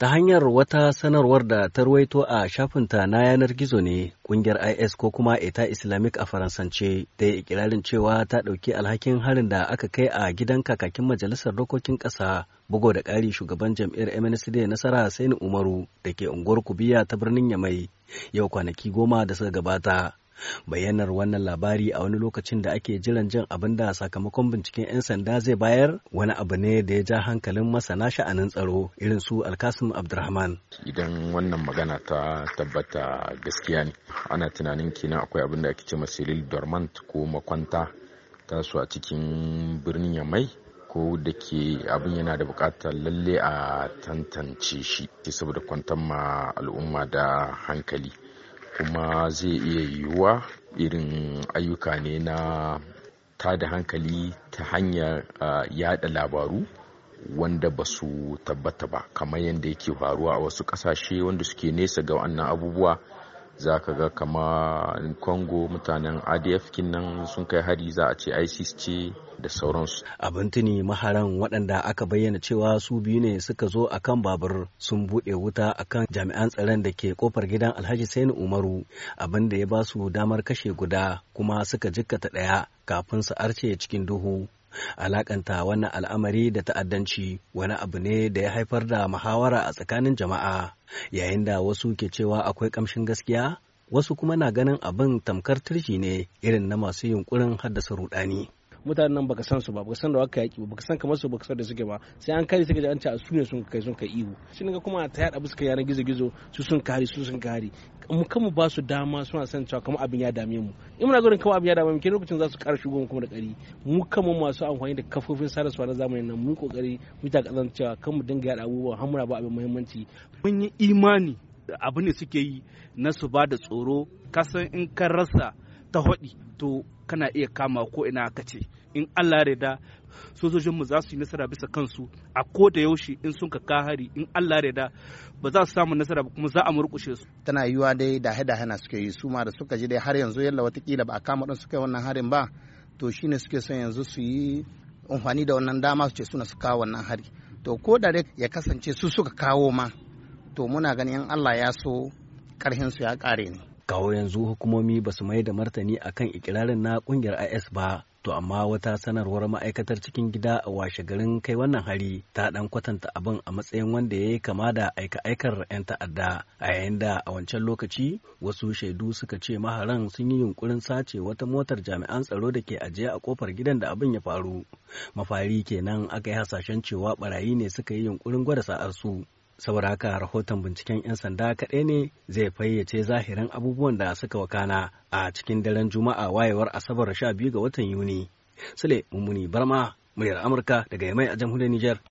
ta hanyar wata sanarwar da ta ruwaito a shafinta na yanar gizo ne kungiyar is ko kuma eta islamic a faransance da ya ikirarin cewa ta ɗauki alhakin harin da aka kai a gidan kakakin majalisar dokokin ƙasa bugo da ƙari shugaban jam'iyyar mnsd nasara saini umaru da ke unguwar kubiya ta birnin yamai yau kwanaki goma da suka gabata bayyanar wannan labari a wani lokacin da ake jiran jin abin da sakamakon binciken 'yan sanda zai bayar wani abu ne da ya ja hankalin masana sha'anin tsaro irin su alkasim abdurrahman idan wannan magana ta tabbata gaskiya ne ana tunanin kina akwai abin da ake ce masilil dormant ko makwanta su a cikin birnin yamai ko da ke abin yana da bukatar lalle a tantance shi saboda kwantar ma al'umma da hankali kuma zai iya yiwuwa irin ayyuka ne na tada hankali ta hanyar yada labaru wanda ba su tabbata ba kamar yadda yake faruwa a wasu ƙasashe wanda suke nesa ga wannan abubuwa za ka ga kama kongo mutanen adf kinnan sun kai hari za a ce isis ce da sauransu abin tuni maharan waɗanda aka bayyana cewa su biyu ne suka zo akan babur sun buɗe wuta akan jami'an tsaron da ke kofar gidan alhaji saini umaru abin da ya ba su damar kashe guda kuma suka jikkata ɗaya kafin su arce cikin duhu alakanta wannan al'amari da ta'addanci wani abu ne da ya haifar da muhawara a tsakanin jama'a yayin da wasu ke cewa akwai kamshin gaskiya wasu kuma na ganin abin tamkar turji ne irin na masu yunkurin haddasa rudani. mutanen nan baka san su ba baka san da waka yaki ba baka san kamar su baka san da suke ba sai an kare suka ji an ce a su ne sun kai sun kai ihu shi ne kuma ta yada suka yana gizo gizo su sun kare su sun kare mu kan mu ba su dama suna san cewa kamar abin ya dame mu in muna gurin kamar abin ya dame mu kin lokacin za su ƙara shigo kuma da ƙari mu mu masu amfani da kafofin sadarwa na zamanin nan mu kokari mu ta kazan cewa kan mu dinga yada abubuwa har muna ba abin muhimmanci mun yi imani abin da suke yi na su ba da tsoro kasan in ka rasa ta haɗi to kana iya kama ko ina ka ce in Allah da sojojinmu za su yi nasara bisa kansu a ko da yaushe in sun ka hari in Allah da ba za su samu nasara ba kuma za a murkushe su tana yiwa dai da hada hana suke yi su ma da suka ji dai har yanzu yalla watakila ba a kama don suka yi wannan harin ba to shine suke son yanzu su yi amfani da wannan dama su ce suna su kawo wannan hari to ko da ya kasance su suka kawo ma to muna ganin Allah ya so karhin su ya kare ne kawo yanzu hukumomi ba su mai da martani a kan ikirarin na kungiyar is ba to amma wata sanarwar ma'aikatar cikin gida a washe garin kai wannan hari ta dan kwatanta abin a matsayin wanda ya yi kama da aika-aikar 'yan ta'adda a yayin da a wancan lokaci wasu shaidu suka ce maharan sun yi yunkurin sace wata motar jami'an tsaro da ke ajiye a kofar gidan da abin ya faru mafari kenan aka yi hasashen cewa barayi ne suka yi yunkurin gwada sa'ar su saboda haka rahoton binciken 'yan sanda kaɗai ne zai fayyace zahirin abubuwan da suka wakana a cikin daren juma'a wayewar asabar 12 ga watan yuni sule mummuni barma muryar amurka daga yamai a jamhuriyar niger